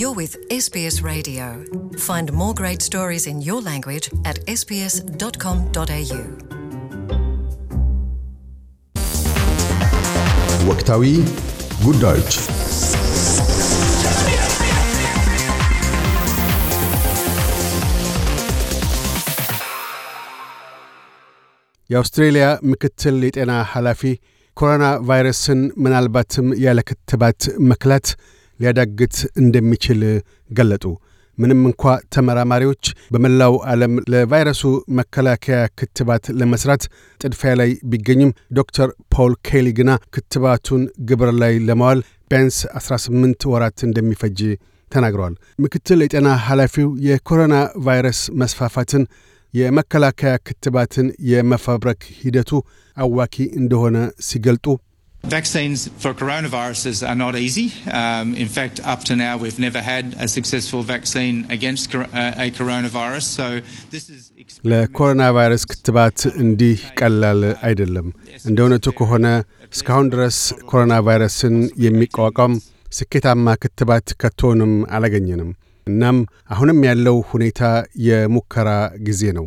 You're with SBS Radio. Find more great stories in your language at sbs.com.au. ወቅታዊ ጉዳዮች የአውስትሬልያ ምክትል የጤና ኃላፊ ኮሮና ቫይረስን ምናልባትም ያለ ክትባት መክላት ሊያዳግት እንደሚችል ገለጡ። ምንም እንኳ ተመራማሪዎች በመላው ዓለም ለቫይረሱ መከላከያ ክትባት ለመስራት ጥድፊያ ላይ ቢገኝም ዶክተር ፖል ኬሊ ግና ክትባቱን ግብር ላይ ለማዋል ቢያንስ 18 ወራት እንደሚፈጅ ተናግረዋል። ምክትል የጤና ኃላፊው የኮሮና ቫይረስ መስፋፋትን የመከላከያ ክትባትን የመፈብረክ ሂደቱ አዋኪ እንደሆነ ሲገልጡ Vaccines for coronaviruses are not easy. Um, in fact, up to now, we've never had a successful vaccine against uh, a coronavirus. So this is ለኮሮናቫይረስ ክትባት እንዲህ ቀላል አይደለም። እንደ እውነቱ ከሆነ እስካሁን ድረስ ኮሮና ቫይረስን የሚቋቋም ስኬታማ ክትባት ከቶንም አላገኘንም። እናም አሁንም ያለው ሁኔታ የሙከራ ጊዜ ነው።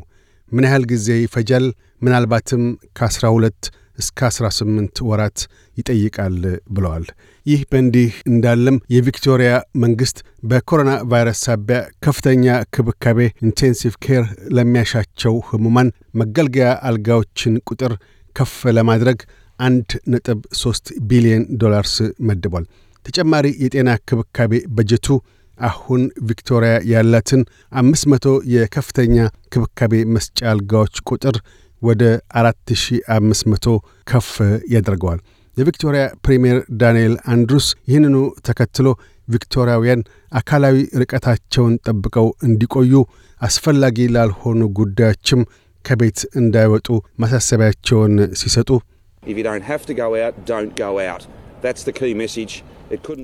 ምን ያህል ጊዜ ይፈጃል? ምናልባትም ከአስራ ሁለት እስከ 18 ወራት ይጠይቃል ብለዋል። ይህ በእንዲህ እንዳለም የቪክቶሪያ መንግሥት በኮሮና ቫይረስ ሳቢያ ከፍተኛ ክብካቤ ኢንቴንሲቭ ኬር ለሚያሻቸው ህሙማን መገልገያ አልጋዎችን ቁጥር ከፍ ለማድረግ 1.3 ቢሊዮን ዶላርስ መድቧል። ተጨማሪ የጤና ክብካቤ በጀቱ አሁን ቪክቶሪያ ያላትን 500 የከፍተኛ ክብካቤ መስጫ አልጋዎች ቁጥር ወደ 4500 ከፍ ያደርገዋል። የቪክቶሪያ ፕሪምየር ዳንኤል አንድሩስ ይህንኑ ተከትሎ ቪክቶሪያውያን አካላዊ ርቀታቸውን ጠብቀው እንዲቆዩ አስፈላጊ ላልሆኑ ጉዳዮችም ከቤት እንዳይወጡ ማሳሰቢያቸውን ሲሰጡ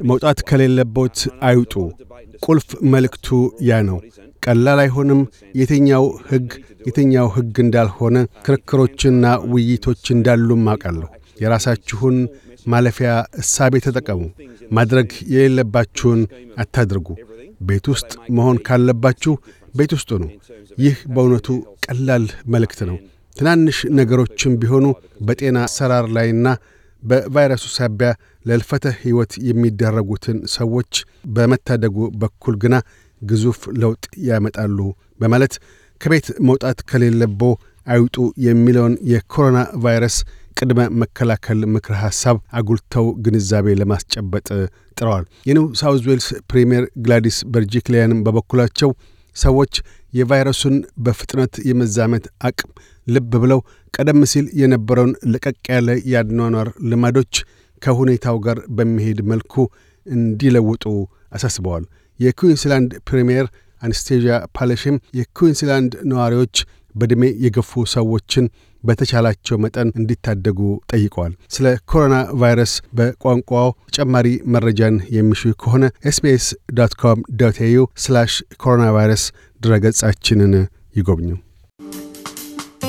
መውጣት ከሌለቦት አይውጡ። ቁልፍ መልእክቱ ያ ነው። ቀላል አይሆንም። የትኛው ሕግ የትኛው ሕግ እንዳልሆነ ክርክሮችና ውይይቶች እንዳሉም አውቃለሁ። የራሳችሁን ማለፊያ እሳቤ ተጠቀሙ። ማድረግ የሌለባችሁን አታድርጉ። ቤት ውስጥ መሆን ካለባችሁ ቤት ውስጥ ነው። ይህ በእውነቱ ቀላል መልእክት ነው። ትናንሽ ነገሮችም ቢሆኑ በጤና አሰራር ላይና በቫይረሱ ሳቢያ ለልፈተ ሕይወት የሚደረጉትን ሰዎች በመታደጉ በኩል ግና ግዙፍ ለውጥ ያመጣሉ በማለት ከቤት መውጣት ከሌለቦ አይውጡ የሚለውን የኮሮና ቫይረስ ቅድመ መከላከል ምክረ ሐሳብ አጉልተው ግንዛቤ ለማስጨበጥ ጥረዋል። የኒው ሳውዝ ዌልስ ፕሪምየር ግላዲስ በርጂክሊያንም በበኩላቸው ሰዎች የቫይረሱን በፍጥነት የመዛመት አቅም ልብ ብለው ቀደም ሲል የነበረውን ለቀቅ ያለ የአኗኗር ልማዶች ከሁኔታው ጋር በሚሄድ መልኩ እንዲለውጡ አሳስበዋል። የኩዊንስላንድ ፕሪምየር አነስቴዥያ ፓለሽም የኩዊንስላንድ ነዋሪዎች በዕድሜ የገፉ ሰዎችን በተቻላቸው መጠን እንዲታደጉ ጠይቀዋል። ስለ ኮሮና ቫይረስ በቋንቋው ተጨማሪ መረጃን የሚሹ ከሆነ ኤስቢኤስ ኮም ዩ ኮሮና ቫይረስ ድረገጻችንን ይጎብኙ።